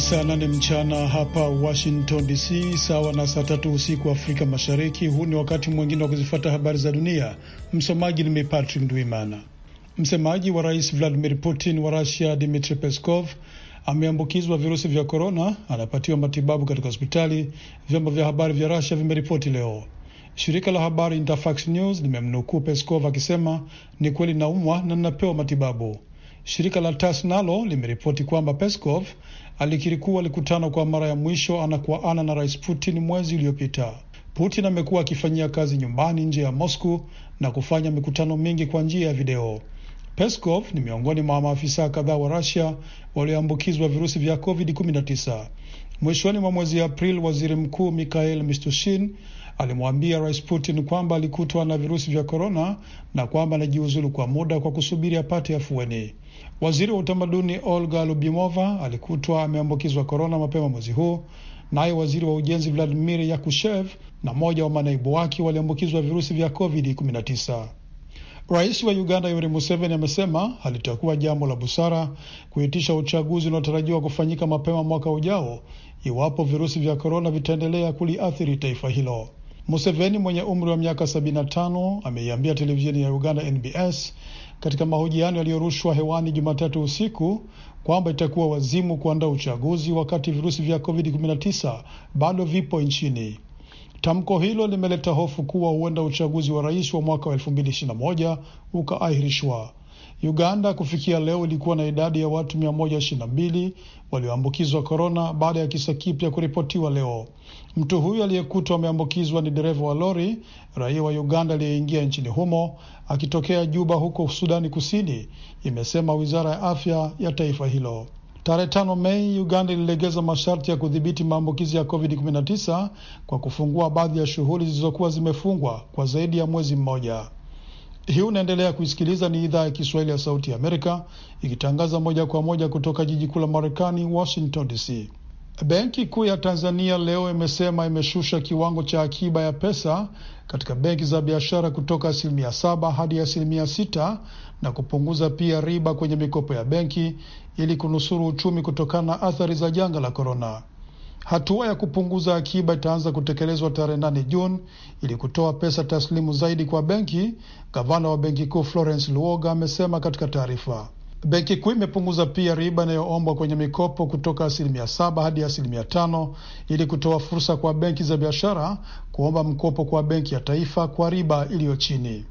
saa nane mchana hapa Washington DC, sawa na saa tatu usiku Afrika Mashariki. Huu ni wakati mwingine wa kuzifata habari za dunia. Msomaji ni mimi Patrick Ndwimana. Msemaji wa rais Vladimir Putin wa Rusia, Dmitri Peskov, ameambukizwa virusi vya korona, anapatiwa matibabu katika hospitali, vyombo vya habari vya Rusia vimeripoti leo. Shirika la habari Interfax News limemnukuu Peskov akisema ni kweli naumwa na ninapewa matibabu. Shirika la tas nalo limeripoti kwamba Peskov alikiri kuwa alikutana kwa mara ya mwisho ana kwa ana na Rais Putin mwezi uliopita. Putin amekuwa akifanyia kazi nyumbani nje ya Moscow na kufanya mikutano mingi kwa njia ya video. Peskov ni miongoni mwa maafisa kadhaa wa rasia walioambukizwa virusi vya COVID-19. Mwishoni mwa mwezi Aprili, waziri mkuu Mikhail Mistushin alimwambia Rais Putin kwamba alikutwa na virusi vya korona na kwamba anajiuzulu kwa muda kwa kusubiri apate afueni. Waziri wa utamaduni Olga Lubimova alikutwa ameambukizwa korona mapema mwezi huu, naye waziri wa ujenzi Vladimir Yakushev na mmoja wa manaibu wake waliambukizwa virusi vya COVID-19. Rais wa Uganda Yoweri Museveni amesema halitakuwa jambo la busara kuitisha uchaguzi unaotarajiwa kufanyika mapema mwaka ujao iwapo virusi vya korona vitaendelea kuliathiri taifa hilo. Museveni mwenye umri wa miaka 75 ameiambia televisheni ya Uganda NBS katika mahojiano yaliyorushwa hewani Jumatatu usiku kwamba itakuwa wazimu kuandaa uchaguzi wakati virusi vya COVID-19 bado vipo nchini. Tamko hilo limeleta hofu kuwa huenda uchaguzi wa rais wa mwaka wa 2021 ukaahirishwa. Uganda kufikia leo ilikuwa na idadi ya watu 122 walioambukizwa korona baada ya kisa kipya kuripotiwa leo. Mtu huyo aliyekutwa ameambukizwa ni dereva wa lori, raia wa Uganda aliyeingia nchini humo akitokea Juba huko Sudani Kusini, imesema wizara ya afya ya taifa hilo. Tarehe tano Mei, Uganda ililegeza masharti ya kudhibiti maambukizi ya COVID-19 kwa kufungua baadhi ya shughuli zilizokuwa zimefungwa kwa zaidi ya mwezi mmoja. Hii unaendelea kuisikiliza ni idhaa ya Kiswahili ya Sauti ya Amerika ikitangaza moja kwa moja kutoka jiji kuu la Marekani, Washington DC. Benki Kuu ya Tanzania leo imesema imeshusha kiwango cha akiba ya pesa katika benki za biashara kutoka asilimia saba hadi asilimia sita na kupunguza pia riba kwenye mikopo ya benki ili kunusuru uchumi kutokana na athari za janga la korona. Hatua ya kupunguza akiba itaanza kutekelezwa tarehe nane Juni ili kutoa pesa taslimu zaidi kwa benki. Gavana wa benki kuu Florence Luoga amesema katika taarifa. Benki kuu imepunguza pia riba inayoombwa kwenye mikopo kutoka asilimia saba hadi asilimia tano ili kutoa fursa kwa benki za biashara kuomba mkopo kwa benki ya taifa kwa riba iliyo chini.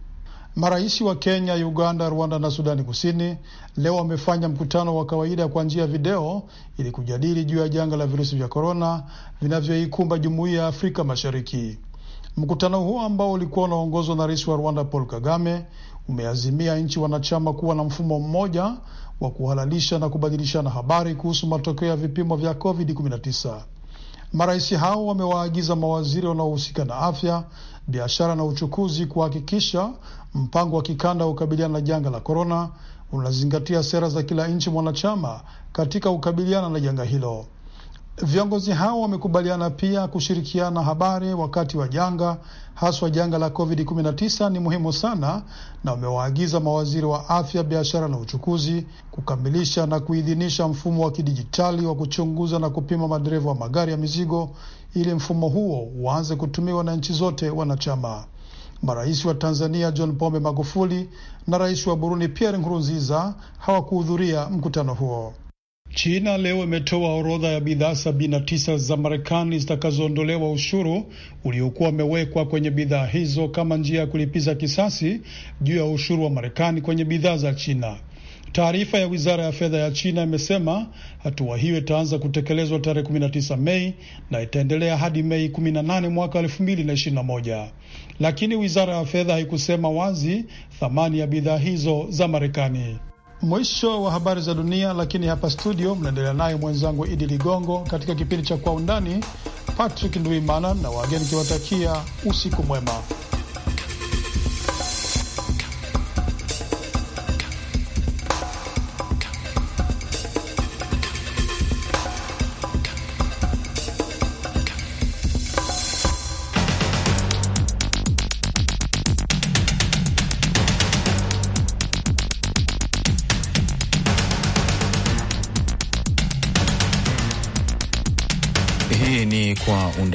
Marais wa Kenya, Uganda, Rwanda na Sudani Kusini leo wamefanya mkutano wa kawaida kwa njia ya video ili kujadili juu ya janga la virusi vya korona vinavyoikumba jumuiya ya Afrika Mashariki. Mkutano huo ambao ulikuwa unaongozwa na rais wa Rwanda Paul Kagame umeazimia nchi wanachama kuwa na mfumo mmoja wa kuhalalisha na kubadilishana habari kuhusu matokeo ya vipimo vya COVID-19. Marais hao wamewaagiza mawaziri wanaohusika na afya biashara na uchukuzi kuhakikisha mpango wa kikanda wa kukabiliana na janga la korona unazingatia sera za kila nchi mwanachama katika kukabiliana na janga hilo. Viongozi hao wamekubaliana pia kushirikiana habari wakati wa janga, haswa janga la COVID-19 ni muhimu sana, na wamewaagiza mawaziri wa afya, biashara na uchukuzi kukamilisha na kuidhinisha mfumo wa kidijitali wa kuchunguza na kupima madereva wa magari ya mizigo ili mfumo huo uanze kutumiwa na nchi zote wanachama. Marais wa Tanzania John Pombe Magufuli na rais wa Burundi Pierre Nkurunziza hawakuhudhuria mkutano huo. China leo imetoa orodha ya bidhaa tisa za Marekani zitakazoondolewa ushuru uliokuwa umewekwa kwenye bidhaa hizo kama njia ya kulipiza kisasi juu ya ushuru wa Marekani kwenye bidhaa za China. Taarifa ya wizara ya fedha ya China imesema hatua hiyo itaanza kutekelezwa tarehe 19 Mei na itaendelea hadi Mei 18 mwaka 2021, lakini wizara ya fedha haikusema wazi thamani ya bidhaa hizo za Marekani. Mwisho wa habari za dunia, lakini hapa studio mnaendelea naye mwenzangu Idi Ligongo katika kipindi cha Kwa Undani. Patrick Ndwimana na wageni kiwatakia usiku mwema.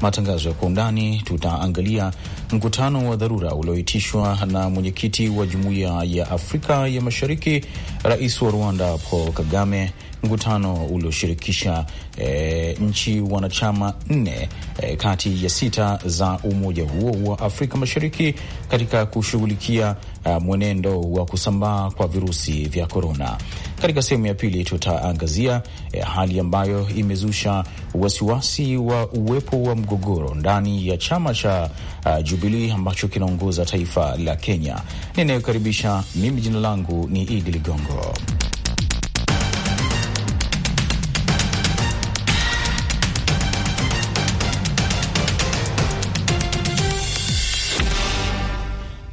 matangazo ya kwa undani, tutaangalia mkutano wa dharura ulioitishwa na mwenyekiti wa jumuiya ya Afrika ya Mashariki, rais wa Rwanda Paul Kagame, mkutano ulioshirikisha e, nchi wanachama nne e, kati ya sita za umoja huo wa Afrika Mashariki katika kushughulikia eh, mwenendo wa kusambaa kwa virusi vya korona. Katika sehemu ya pili tutaangazia eh, hali ambayo imezusha wasiwasi wa uwepo wa mgogoro ndani ya chama cha uh, eh, Jubilii ambacho kinaongoza taifa la Kenya. Ninayokaribisha mimi, jina langu ni Idi Ligongo.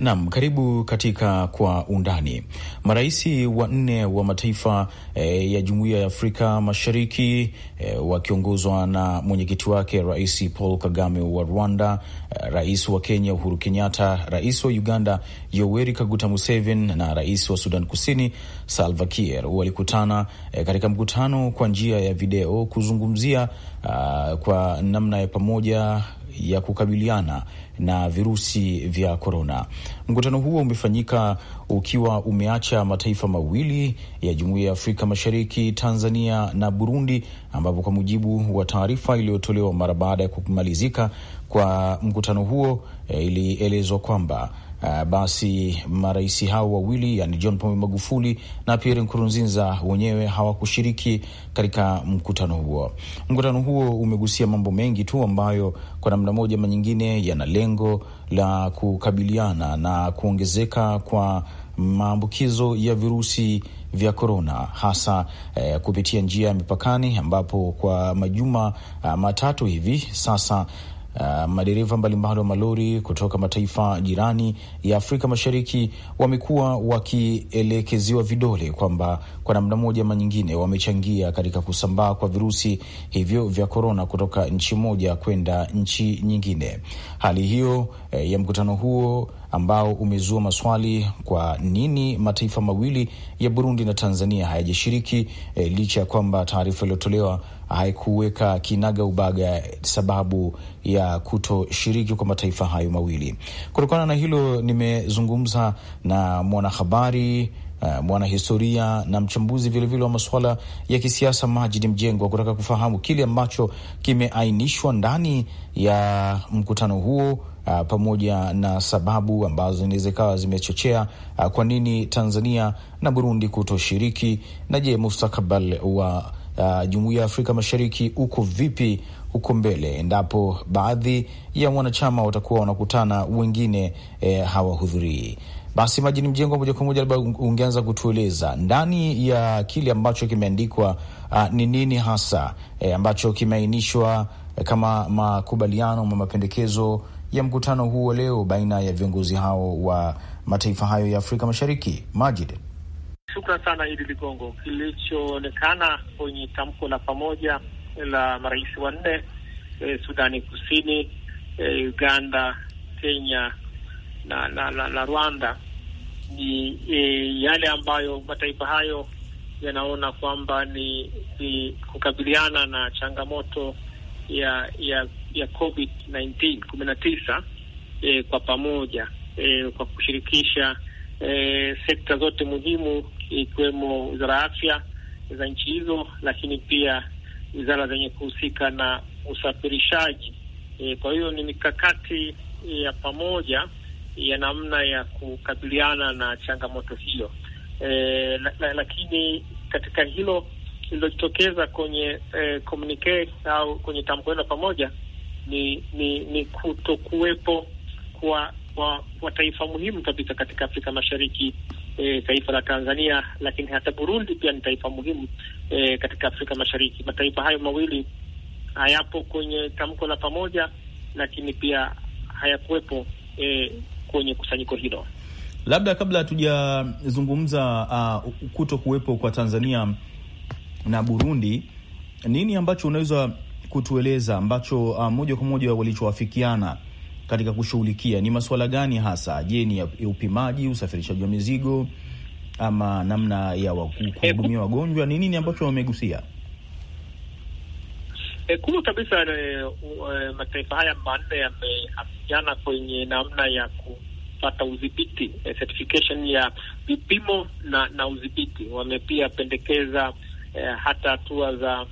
Nam, karibu katika Kwa Undani. Marais wanne wa mataifa e, ya Jumuiya ya Afrika Mashariki e, wakiongozwa na mwenyekiti wake Rais Paul Kagame wa Rwanda, e, rais wa Kenya Uhuru Kenyatta, rais wa Uganda Yoweri Kaguta Museveni na rais wa Sudan Kusini Salva Kiir walikutana e, katika mkutano kwa njia ya video kuzungumzia a, ah, kwa namna ya pamoja ya kukabiliana na virusi vya korona. Mkutano huo umefanyika ukiwa umeacha mataifa mawili ya jumuiya ya Afrika Mashariki, Tanzania na Burundi, ambapo kwa mujibu wa taarifa iliyotolewa mara baada ya kumalizika kwa mkutano huo, eh, ilielezwa kwamba uh, basi marais hao wawili yani John Pombe Magufuli na Pierre Nkurunziza wenyewe hawakushiriki katika mkutano huo. Mkutano huo umegusia mambo mengi tu ambayo kwa namna moja ama nyingine yana lengo la kukabiliana na kuongezeka kwa maambukizo ya virusi vya korona hasa eh, kupitia njia ya mipakani ambapo kwa majuma ah, matatu hivi sasa Uh, madereva mbalimbali wa malori kutoka mataifa jirani ya Afrika Mashariki wamekuwa wakielekeziwa vidole kwamba kwa namna moja ama nyingine wamechangia katika kusambaa kwa virusi hivyo vya korona kutoka nchi moja kwenda nchi nyingine. Hali hiyo eh, ya mkutano huo ambao umezua maswali, kwa nini mataifa mawili ya Burundi na Tanzania hayajashiriki eh, licha ya kwamba taarifa iliyotolewa haikuweka kinaga ubaga sababu ya kutoshiriki kwa mataifa hayo mawili. Kutokana na hilo, nimezungumza na mwanahabari Uh, mwanahistoria na mchambuzi vilevile wa masuala ya kisiasa Majidi Mjengwa kutaka kufahamu kile ambacho kimeainishwa ndani ya mkutano huo, uh, pamoja na sababu ambazo zinaweza ikawa zimechochea uh, kwa nini Tanzania na Burundi kutoshiriki, na je mustakabali wa uh, jumuiya ya Afrika Mashariki uko vipi huko mbele, endapo baadhi ya wanachama watakuwa wanakutana, wengine eh, hawahudhurii. Basi ni Mjengo, moja kwa moja, labda ungeanza kutueleza ndani ya kile ambacho kimeandikwa uh, ni uh, nini hasa eh, ambacho kimeainishwa eh, kama makubaliano ama mapendekezo ya mkutano huu wa leo baina ya viongozi hao wa mataifa hayo ya Afrika Mashariki. Majid. Shukran sana Idi Ligongo. Kilichoonekana kwenye tamko la pamoja la marais wanne eh, Sudani Kusini eh, Uganda, Kenya na, na, na, na Rwanda ni eh, yale ambayo mataifa hayo yanaona kwamba ni, ni kukabiliana na changamoto ya ya ya COVID 19 kumi na tisa eh, kwa pamoja eh, kwa kushirikisha eh, sekta zote muhimu ikiwemo wizara ya afya za nchi hizo, lakini pia wizara zenye kuhusika na usafirishaji. E, kwa hiyo ni mikakati e, ya pamoja ya namna ya kukabiliana na changamoto hiyo. E, la, la, lakini katika hilo lililojitokeza kwenye e, komunike au kwenye tamko hilo pamoja ni ni, ni kuwepo kwa, kwa, kwa taifa muhimu kabisa katika Afrika Mashariki e, taifa la Tanzania, lakini hata Burundi pia ni taifa muhimu e, katika Afrika Mashariki. Mataifa hayo mawili hayapo kwenye tamko la pamoja, lakini pia hayakuwepo e, kwenye kusanyiko hilo. Labda kabla hatujazungumza uh, kuto kuwepo kwa Tanzania na Burundi, nini ambacho unaweza kutueleza ambacho uh, moja kwa moja walichoafikiana katika kushughulikia ni masuala gani hasa? Je, ni ya upimaji, usafirishaji wa mizigo ama namna ya kuhudumia wagonjwa? Ni nini ambacho wamegusia? E, kubwa kabisa e, mataifa haya manne yameafikiana kwenye namna ya kupata udhibiti e, certification ya vipimo na na udhibiti. Wamepia pendekeza e, hata hatua za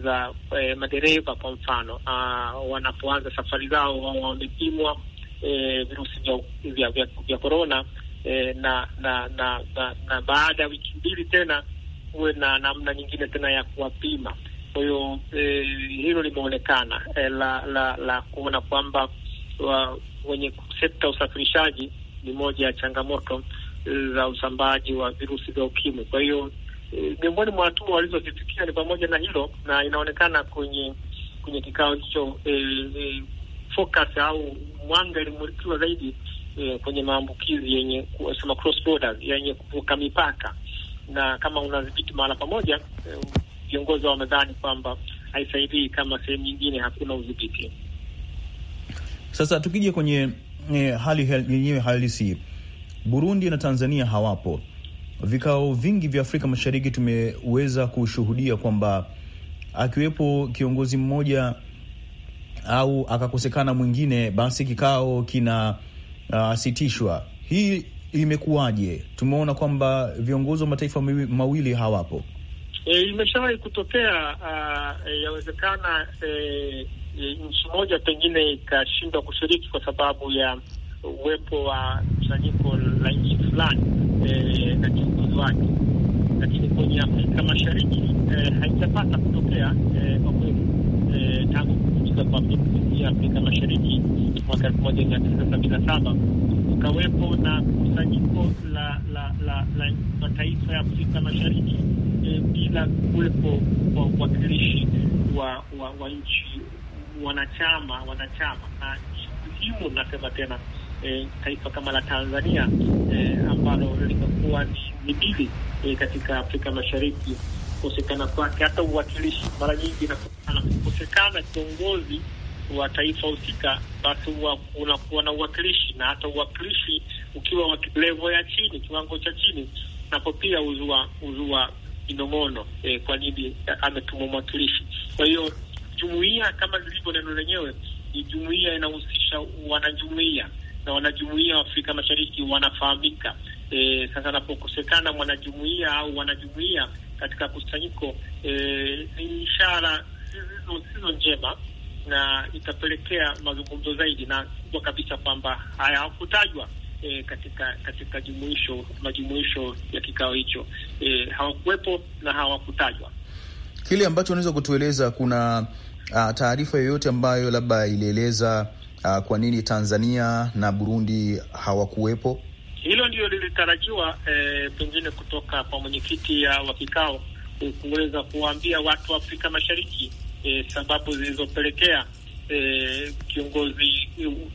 za eh, madereva kwa mfano ah, wanapoanza safari zao wao wamepimwa eh, virusi vya vya vya korona eh, na, na, na, na, na baada ya wiki mbili tena huwe na namna nyingine tena ya kuwapima. Kwa hiyo eh, hilo limeonekana eh, la la, la kuona kwamba wenye sekta usafirishaji ni moja ya changamoto eh, za usambaaji wa virusi vya ukimwi. Kwa hiyo Eh, miongoni mwa hatua walizozifikia ni pamoja na hilo, na inaonekana kwenye kwenye kikao hicho e, e, focus au mwanga ilimulikiwa zaidi e, kwenye maambukizi yenye kusema cross borders, yenye kuvuka mipaka, na kama unadhibiti mahala pamoja, viongozi e, wamedhani kwamba haisaidii kama sehemu nyingine hakuna udhibiti. Sasa tukija kwenye e, hali yenyewe halisi, Burundi na Tanzania hawapo vikao vingi vya Afrika Mashariki tumeweza kushuhudia kwamba akiwepo kiongozi mmoja au akakosekana mwingine, basi kikao kinasitishwa. Uh, hii imekuwaje? Tumeona kwamba viongozi wa mataifa mawili hawapo. E, imeshawahi kutokea uh, e, yawezekana e, e, nchi moja pengine ikashindwa kushiriki kwa sababu ya uwepo wa kusanyiko la nchi fulani e, na kiongozi wake, lakini kwenye Afrika Mashariki e, haijapata kutokea eh, kwa kweli e, tangu kuvunjika kwa ya Afrika Mashariki mwaka elfu moja mia tisa sabini na saba ukawepo na kusanyiko la la la la mataifa ya Afrika Mashariki e, bila kuwepo kwa uwakilishi wa wa, wa nchi wanachama wanachama na hiyo nasema tena e, taifa kama la Tanzania e, ambalo limekuwa ni mbili e, eh, katika Afrika Mashariki, kukosekana kwake hata uwakilishi mara nyingi na kukosekana kiongozi wa taifa husika, basi unakuwa na uwakilishi, na hata uwakilishi ukiwa wa level ya chini, kiwango cha chini, napo pia huzua huzua minong'ono eh, kwa nini ametumwa mwakilishi. Kwa hiyo jumuiya kama lilivyo neno lenyewe ni jumuiya, inahusisha wanajumuiya na wanajumuia wa Afrika Mashariki wanafahamika. E, sasa anapokosekana mwanajumuia au wanajumuia katika kusanyiko e, ni ishara sizo njema na itapelekea mazungumzo zaidi, na kubwa kabisa kwamba hayakutajwa e, katika katika jumuisho majumuisho ya kikao hicho e, hawakuwepo na hawakutajwa. Kile ambacho unaweza kutueleza, kuna taarifa yoyote ambayo labda ilieleza uh, kwa nini Tanzania na Burundi hawakuwepo? Hilo ndio lilitarajiwa eh, pengine kutoka kwa mwenyekiti wa kikao kuweza kuwaambia watu wa Afrika Mashariki eh, sababu zilizopelekea eh, kiongozi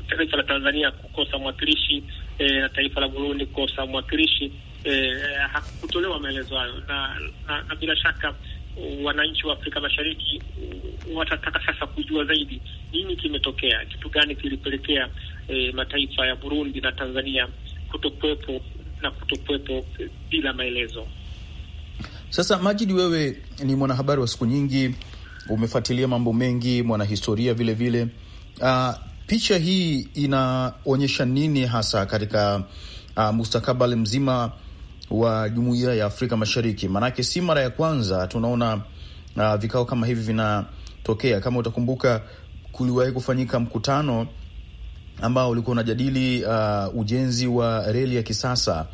taifa la Tanzania kukosa mwakilishi eh, na taifa la Burundi kukosa mwakilishi eh, eh hakutolewa maelezo hayo na, na, na bila shaka wananchi wa Afrika Mashariki mm, watataka sasa kujua zaidi nini kimetokea, kitu gani kilipelekea e, mataifa ya Burundi na Tanzania kutokuwepo na kutokuwepo eh, bila maelezo. Sasa majidi wewe ni mwanahabari wa siku nyingi, umefuatilia mambo mengi, mwanahistoria vilevile vile. Uh, picha hii inaonyesha nini hasa katika uh, mustakabali mzima wa jumuiya ya Afrika Mashariki, maanake si mara ya kwanza tunaona uh, vikao kama hivi vinatokea. Kama utakumbuka, kuliwahi kufanyika mkutano ambao ulikuwa unajadili uh, ujenzi wa reli ya kisasa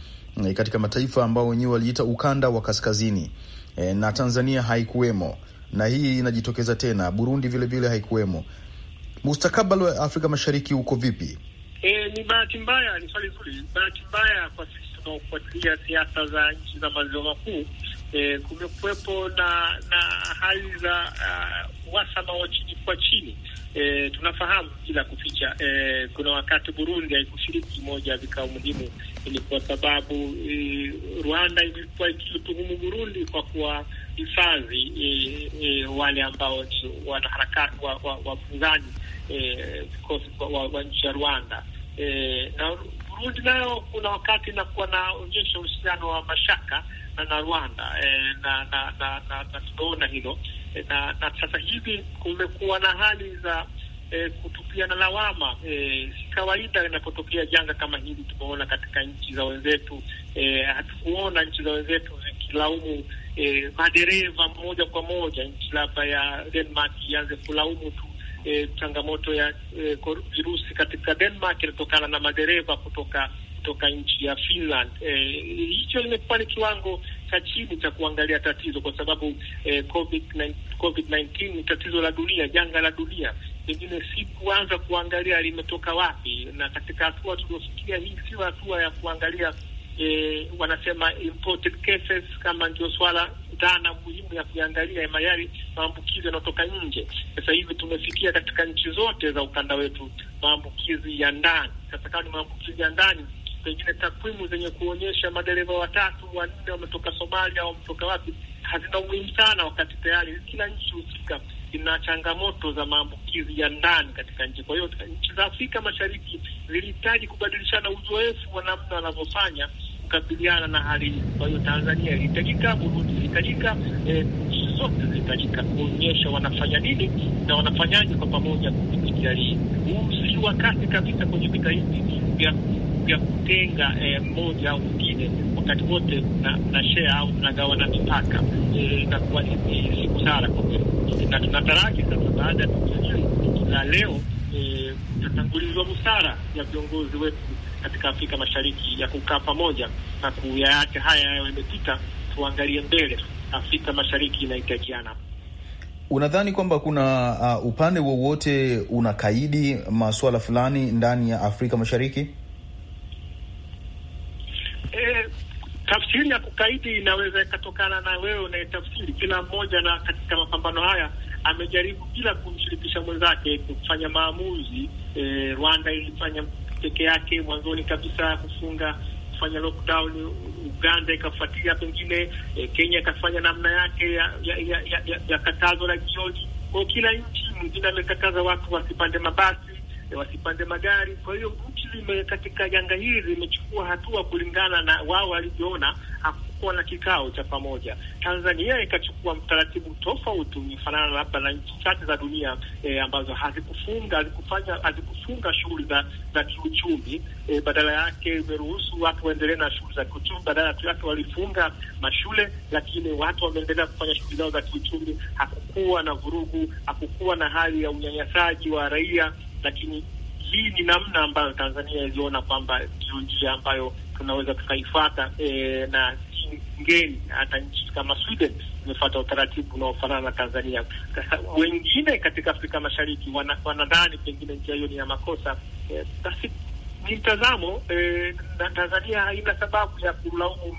e, katika mataifa ambao wenyewe waliita ukanda wa kaskazini e, na Tanzania haikuwemo, na hii inajitokeza tena. Burundi vilevile vile haikuwemo. Mustakabali wa Afrika Mashariki uko vipi? E, ni bahati mbaya, ni swali zuri. Bahati mbaya kwa sisi tunaofuatilia siasa za nchi za maziwa makuu eh, kumekuwepo na na hali za uh, wasama wa chini kwa chini. E, tunafahamu kila kuficha e, kuna wakati Burundi haikushiriki moja ya vikao muhimu, ni kwa sababu e, Rwanda ilikuwa ikiutuhumu Burundi kwa kuwa hifadhi e, e, wale ambao ni wanaharakati wapinzani wa, wa, wa, e, vikosi wa, wa nchi ya Rwanda e, na Burundi nayo kuna wakati inakuwa naonyesha uhusiano wa mashaka na na Rwanda e, na na na, na, na tumeona hilo e, na, na sasa hivi kumekuwa na hali za e, na lawama e, si kawaida inapotokea janga kama hili. Tumeona katika nchi za wenzetu e, hatukuona nchi za wenzetu zikilaumu e, madereva moja kwa moja. Nchi labda ya Denmark ianze kulaumu tu e, changamoto ya e, virusi katika Denmark ilitokana na madereva kutoka kutoka nchi ya Finland. Eh, hicho e, imekuwa ni kiwango cha chini cha kuangalia tatizo, kwa sababu e, COVID-19, COVID-19 ni tatizo la dunia, janga la dunia pengine si kuanza kuangalia limetoka wapi, na katika hatua tuliofikia hii sio hatua ya kuangalia e, wanasema imported cases kama ndio swala dhana muhimu ya kuangalia ya mayari maambukizi yanayotoka nje. Sasa hivi tumefikia katika nchi zote za ukanda wetu maambukizi ya ndani. Sasa kama ni maambukizi ya ndani, pengine takwimu zenye kuonyesha madereva watatu wanne wametoka Somalia au wametoka wapi hazina umuhimu sana, wakati tayari kila nchi husika ina changamoto za maambukizi ya ndani katika nchi. Kwa hiyo nchi za Afrika Mashariki zilihitaji kubadilishana uzoefu wa namna wanavyofanya kukabiliana na hali hii. Kwa hiyo Tanzania ilihitajika, Burundi ilihitajika, eh, nchi zote zilihitajika kuonyesha wanafanya nini na wanafanyaje kwa pamoja kupitia hii. Si wakati kabisa kwenye vita hivi vya kutenga mmoja eh, au mwingine. Wakati wote na, na share au na mipaka eh, inakuwa eh, ni siku sana kwa kweli, na tunataraji sasa baada ya tukio hili la leo e, eh, tatangulizwa busara ya viongozi wetu katika Afrika Mashariki ya kukaa pamoja na kuyaacha haya yayo yamepita, tuangalie mbele. Afrika Mashariki inahitajiana. Unadhani kwamba kuna uh, upande wowote unakaidi masuala fulani ndani ya Afrika Mashariki? E, tafsiri ya kukaidi inaweza ikatokana na wewe tafsiri. Kila mmoja na katika mapambano haya amejaribu bila kumshirikisha mwenzake kufanya maamuzi. E, Rwanda ilifanya peke yake mwanzoni kabisa kufunga kufanya lockdown. Uganda ikafuatilia pengine e, Kenya ikafanya namna yake ya, ya, ya, ya, ya, ya katazo la jioni. Kwa kila nchi mwingine amekataza watu wasipande mabasi e, wasipande magari. Kwa hiyo nchi zime katika janga hili zimechukua hatua kulingana na wao walivyoona kuwa na kikao cha pamoja, Tanzania ikachukua mtaratibu tofauti unafanana labda na nchi chache za dunia e, ambazo hazikufunga hazikufanya hazikufunga shughuli za, za kiuchumi e, badala yake imeruhusu watu waendelee na shughuli za kiuchumi. Badala yake walifunga mashule, lakini watu wameendelea kufanya shughuli zao za kiuchumi. Hakukuwa na vurugu, hakukuwa na hali ya unyanyasaji wa raia, lakini hii ni namna ambayo Tanzania iliona kwamba ndio njia ambayo tunaweza tukaifata e, na kigeni, hata nchi kama Sweden zimefuata utaratibu unaofanana na Tanzania. Sasa wengine katika Afrika Mashariki wanadhani pengine njia hiyo ni ya makosa. Eh, basi ni mtazamo eh, na Tanzania haina sababu ya kulaumu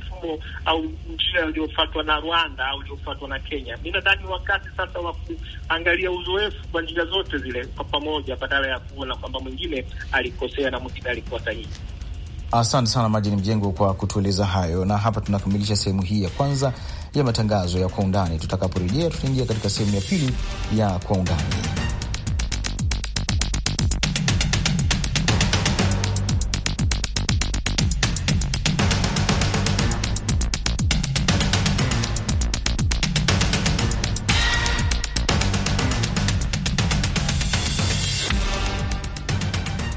mfumo au njia uliofuatwa na Rwanda au uliofuatwa na Kenya. Mi nadhani wakati sasa wa kuangalia uzoefu kwa njia zote zile kwa pamoja, badala ya kuona kwamba mwingine alikosea na mwingine alikuwa sahihi. Asante sana Majini Mjengo kwa kutueleza hayo, na hapa tunakamilisha sehemu hii ya kwanza ya matangazo ya Kwa Undani. Tutakaporejea, tutaingia katika sehemu ya pili ya Kwa Undani.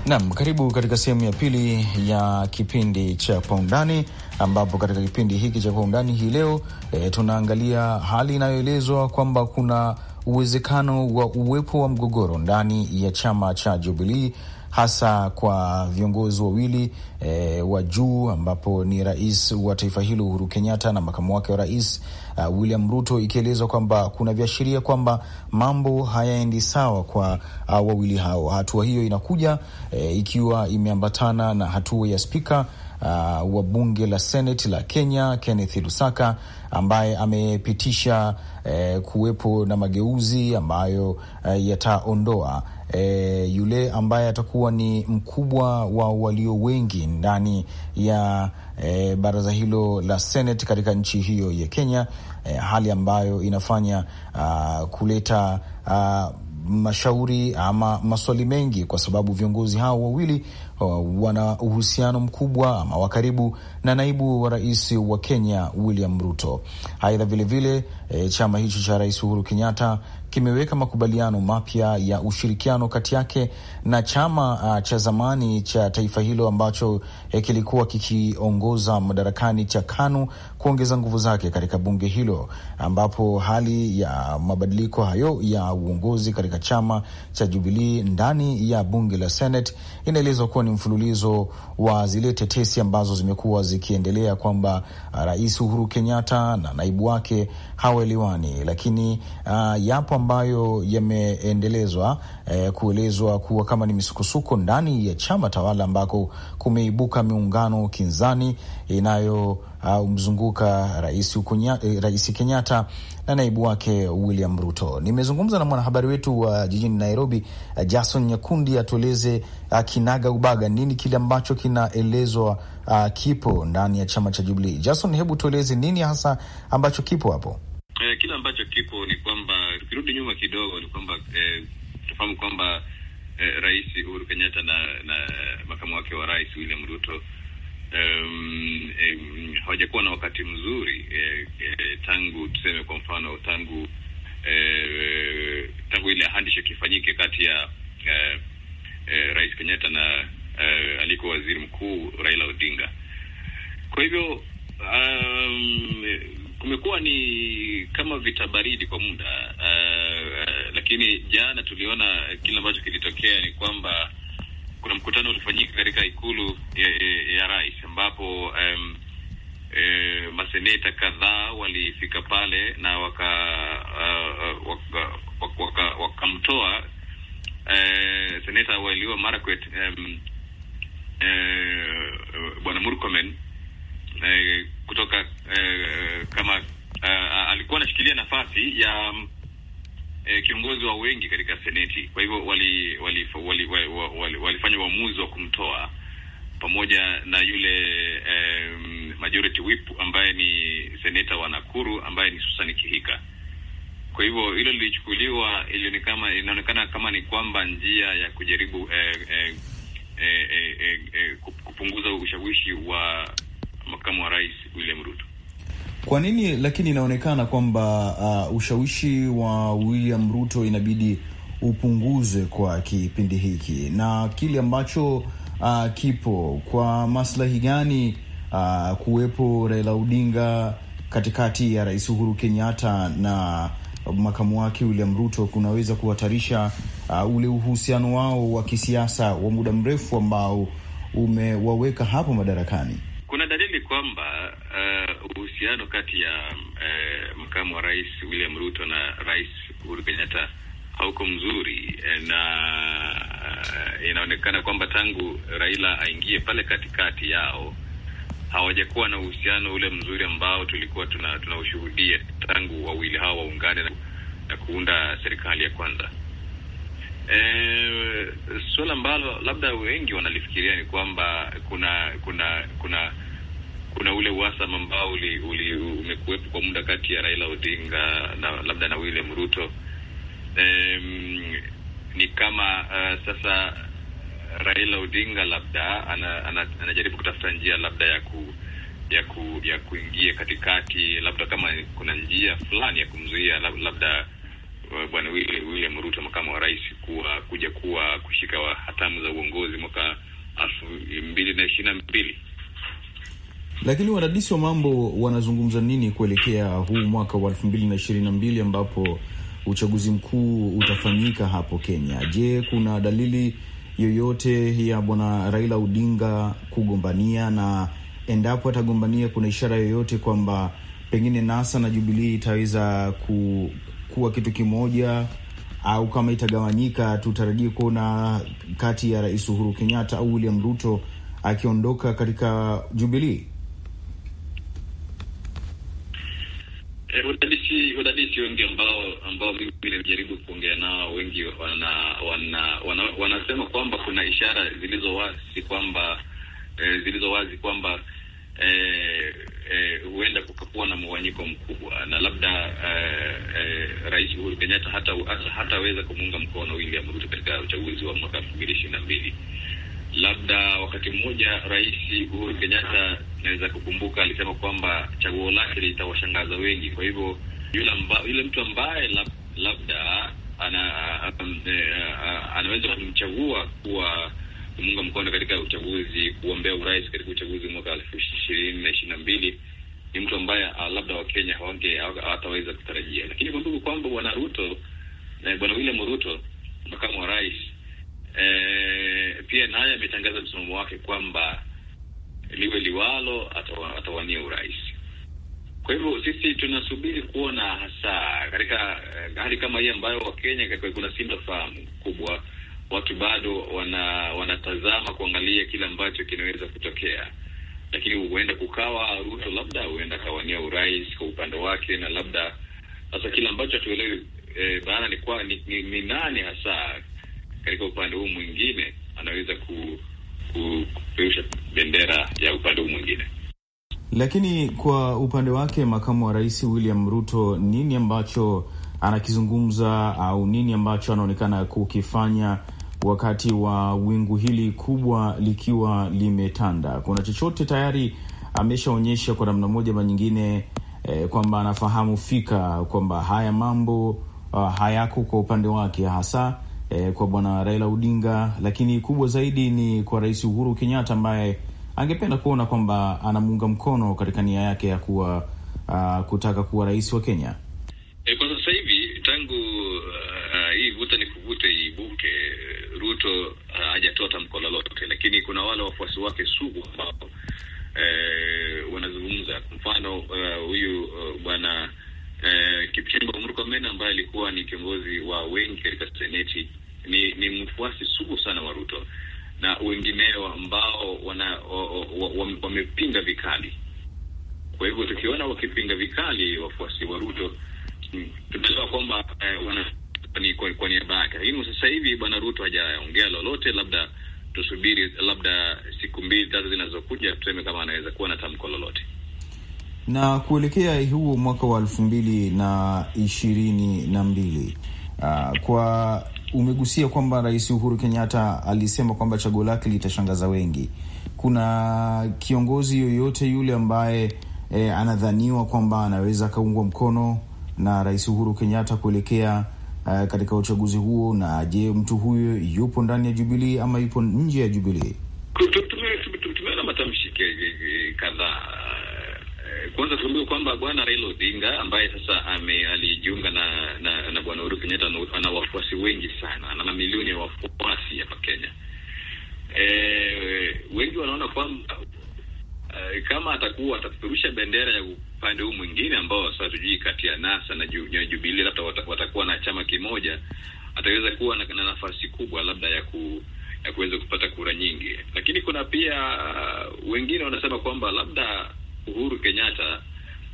Nam, karibu katika sehemu ya pili ya kipindi cha kwa undani, ambapo katika kipindi hiki cha kwa undani hii leo e, tunaangalia hali inayoelezwa kwamba kuna uwezekano wa uwepo wa mgogoro ndani ya chama cha Jubilii hasa kwa viongozi wawili e, wa juu ambapo ni rais wa taifa hilo Uhuru Kenyatta na makamu wake wa rais uh, William Ruto, ikielezwa kwamba kuna viashiria kwamba mambo hayaendi sawa kwa uh, wawili hao. Hatua hiyo inakuja eh, ikiwa imeambatana na hatua ya spika Uh, wa bunge la Senate la Kenya Kenneth Lusaka ambaye amepitisha eh, kuwepo na mageuzi ambayo eh, yataondoa e, yule ambaye atakuwa ni mkubwa wa walio wengi ndani ya e, baraza hilo la Senate katika nchi hiyo ya Kenya, e, hali ambayo inafanya a, kuleta a, mashauri ama maswali mengi kwa sababu viongozi hao wawili wana uhusiano mkubwa ama wa karibu na naibu wa rais wa Kenya William Ruto. Aidha vilevile e, chama hicho cha Rais Uhuru Kenyatta kimeweka makubaliano mapya ya ushirikiano kati yake na chama uh, cha zamani cha taifa hilo ambacho eh, kilikuwa kikiongoza madarakani cha KANU kuongeza nguvu zake katika bunge hilo, ambapo hali ya mabadiliko hayo ya uongozi katika chama cha Jubilii ndani ya bunge la Senate inaelezwa kuwa ni mfululizo wa zile tetesi ambazo zimekuwa zikiendelea kwamba uh, Rais Uhuru Kenyatta na naibu wake hawaelewani, lakini uh, yapo ambayo yameendelezwa eh, kuelezwa kuwa kama ni misukosuko ndani ya chama tawala ambako kumeibuka miungano kinzani inayo umzunguka rais, eh, Rais Kenyatta na naibu wake William Ruto. Nimezungumza na mwanahabari wetu wa uh, jijini Nairobi uh, Jason Nyakundi atueleze uh, kinaga ubaga nini kile ambacho kinaelezwa uh, kipo ndani ya chama cha Jubilee. Jason, hebu tueleze nini hasa ambacho kipo hapo? Eh, kile ambacho kipo ni kwamba tukirudi nyuma kidogo ni kwamba eh, tufahamu kwamba eh, Rais Uhuru Kenyatta na, na makamu wake wa rais William Ruto um, eh, hawajakuwa na wakati mzuri eh, eh, tangu tuseme kwa mfano tangu eh, tangu ile handshake ifanyike kati ya eh, eh, Rais Kenyatta na eh, alikuwa waziri mkuu Raila Odinga. Kwa hivyo um, kumekuwa ni kama vita baridi kwa muda uh, uh, lakini jana tuliona kile ambacho kilitokea ni kwamba kuna mkutano ulifanyika katika ikulu ya, ya, ya rais ambapo um, e, maseneta kadhaa walifika pale na wakamtoa uh, uh, waka, waka, waka, waka uh, eh, seneta wailiwa Marakwet um, uh, eh, bwana Murkomen uh, kutoka uh, kama uh, alikuwa anashikilia nafasi ya um, eh, kiongozi wa wengi katika Seneti. Kwa hivyo walifanya wali, wali, wali, wali, wali uamuzi wa kumtoa pamoja na yule eh, majority whip ambaye ni seneta wa Nakuru ambaye ni Susan Kihika. Kwa hivyo hilo lilichukuliwa, inaonekana kama ni kwamba njia ya kujaribu eh, eh, eh, eh, eh, kupunguza ushawishi wa makamu wa rais William Ruto. Kwa nini lakini inaonekana kwamba uh, ushawishi wa William Ruto inabidi upunguzwe kwa kipindi hiki na kile ambacho uh, kipo kwa maslahi gani uh, kuwepo Raila Odinga katikati ya Rais Uhuru Kenyatta na makamu wake William Ruto kunaweza kuhatarisha uh, ule uhusiano wao wa kisiasa wa muda mrefu ambao umewaweka hapo madarakani. Kuna dalili kwamba uh, uhusiano kati ya uh, makamu wa rais William Ruto na rais Uhuru Kenyatta hauko mzuri, eh, na uh, inaonekana kwamba tangu Raila aingie pale katikati yao hawajakuwa na uhusiano ule mzuri ambao tulikuwa tunaushuhudia tuna tangu wawili hawa waungane na, na kuunda serikali ya kwanza. E, eh, suala ambalo labda wengi wanalifikiria ni kwamba kuna kuna kuna kuna ule uhasama ambao uli, uli, umekuwepo kwa muda kati ya Raila Odinga na labda na William Ruto. Um, ni kama uh, sasa Raila Odinga labda ana, ana, anajaribu kutafuta njia labda ya ku ya ku, ya kuingia katikati, labda kama kuna njia fulani ya kumzuia labda eh, bwana William Ruto makamu wa rais kuwa kuja kuwa kushika hatamu za uongozi mwaka elfu mbili na ishirini na mbili lakini wadadisi wa mambo wanazungumza nini kuelekea huu mwaka wa elfu mbili na ishirini na mbili ambapo uchaguzi mkuu utafanyika hapo Kenya? Je, kuna dalili yoyote ya bwana Raila Odinga kugombania, na endapo atagombania, kuna ishara yoyote kwamba pengine NASA na Jubilii itaweza ku, kuwa kitu kimoja au kama itagawanyika, tutarajie kuona kati ya Rais Uhuru Kenyatta au William Ruto akiondoka katika Jubilii? Wadadisi, eh, udadisi wengi ambao ambao mimi nimejaribu kuongea nao, wengi wana, wana, wana, wanasema kwamba kuna ishara zilizo wazi kwamba eh, zilizo wazi kwamba huenda eh, eh, kukakuwa na muwanyiko mkubwa na labda eh, eh, Rais Uhuru Kenyatta hataweza hata, hata kumuunga mkono William Ruto katika uchaguzi wa mwaka elfu mbili ishirini na mbili. Labda wakati mmoja Rais Uhuru Kenyatta, naweza kukumbuka, alisema kwamba chaguo lake litawashangaza wengi. Kwa hivyo yule mba, yule mtu ambaye lab, labda ana, e, anaweza kumchagua kuwa kumunga mkono katika uchaguzi kuombea urais katika uchaguzi mwaka elfu ishirini na ishirini na mbili ni mtu ambaye labda Wakenya hawange hawataweza kutarajia, lakini ndugu kwamba bwana Ruto, bwana William Ruto makamu wa rais E, pia naye ametangaza msimamo wake kwamba liwe liwalo atawania urais. Kwa hivyo sisi tunasubiri kuona hasa katika eh, hali kama hii ambayo Wakenya kuna sintofahamu kubwa, watu bado wana, wanatazama kuangalia kile ambacho kinaweza kutokea, lakini huenda kukawa Ruto labda huenda akawania urais kwa upande wake, na labda sasa kile ambacho hatuelewi eh, bana ni, ni, ni, ni nani hasa katika upande huu mwingine anaweza ku, ku, kupeusha bendera ya upande huu mwingine. Lakini kwa upande wake makamu wa rais William Ruto, nini ambacho anakizungumza au nini ambacho anaonekana kukifanya wakati wa wingu hili kubwa likiwa limetanda? Kuna chochote tayari ameshaonyesha kwa namna moja ama nyingine eh, kwamba anafahamu fika kwamba haya mambo uh, hayako kwa upande wake hasa eh, kwa bwana Raila Odinga, lakini kubwa zaidi ni kwa Rais Uhuru Kenyatta ambaye angependa kuona kwamba anamuunga mkono katika nia yake ya kuwa uh, kutaka kuwa rais wa Kenya. E, kwa sasa hivi tangu uh, hii vuta ni kuvute ibuke, Ruto ah, hajatoa uh, tamko lolote, lakini kuna wale wafuasi wake sugu ambao uh, wanazungumza. Kwa mfano huyu uh, uh, bwana eh, Kipchumba Murkomen ambaye alikuwa ni kiongozi wa wengi katika seneti ni, ni mfuasi sugu sana wa Ruto na wengineo ambao wamepinga vikali. Kwa hivyo tukiona wakipinga vikali wafuasi wa Ruto tutaelewa kwamba eh, wana ni kwa, kwa niaba yake. Lakini sasa hivi bwana Ruto hajaongea lolote, labda tusubiri labda siku mbili tatu zinazokuja tuseme kama anaweza kuwa na tamko lolote na kuelekea huo mwaka wa elfu mbili na ishirini na mbili uh, kwa umegusia kwamba Rais Uhuru Kenyatta alisema kwamba chaguo lake litashangaza wengi. Kuna kiongozi yoyote yule ambaye e, anadhaniwa kwamba anaweza akaungwa mkono na Rais Uhuru Kenyatta kuelekea uh, katika uchaguzi huo? Na je, mtu huyo yupo ndani ya Jubilii ama yupo nje ya Jubilii? Tumeona matamshi kadhaa kwanza tuambie kwamba bwana Raila Odinga ambaye sasa ame, alijiunga na na, na bwana Uhuru Kenyatta ana wafuasi wengi sana, ana mamilioni ya wafuasi hapa Kenya. E, wengi wanaona kwamba e, kama atakuwa atapeperusha bendera ya upande huu mwingine ambao sasa tujui kati ya NASA na Jubilee, labda watakuwa na chama kimoja, ataweza kuwa na, na nafasi kubwa labda ya ku ya kuweza kupata kura nyingi, lakini kuna pia wengine wanasema kwamba labda Uhuru Kenyatta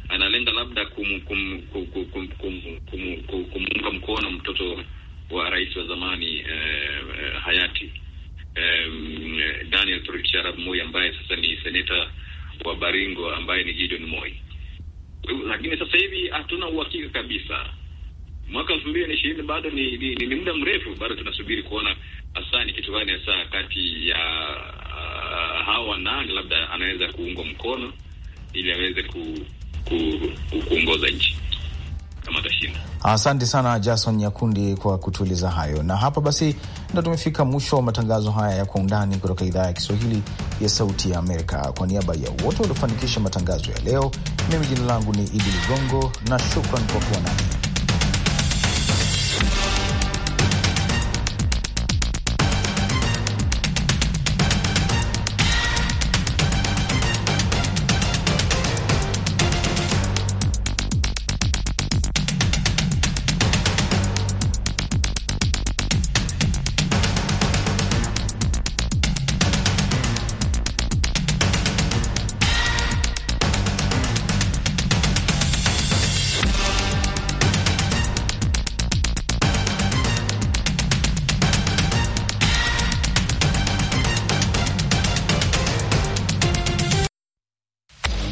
analenga labda kumuunga kum, kum, kum, kum, kum, kum, kum, mkono mtoto wa rais wa zamani eh, hayati eh, Daniel Toroitich Arap Moi ambaye sasa ni seneta wa Baringo ambaye ni Gideon Moi. Lakini sasa hivi hatuna uhakika kabisa. Mwaka elfu mbili na ishirini bado ni, ni, ni, ni muda mrefu, bado tunasubiri kuona hasa ni kitu gani hasa kati ya uh, hawa nani labda anaweza kuungwa mkono ili aweze ku, ku, kuongoza nchi kama atashinda. Asante sana Jason Nyakundi kwa kutueleza hayo, na hapa basi ndo tumefika mwisho wa matangazo haya ya Kwa Undani kutoka idhaa ya Kiswahili ya Sauti ya Amerika. Kwa niaba ya wote waliofanikisha matangazo ya leo, mimi jina langu ni Idi Ligongo na shukran kwa kuwa nami.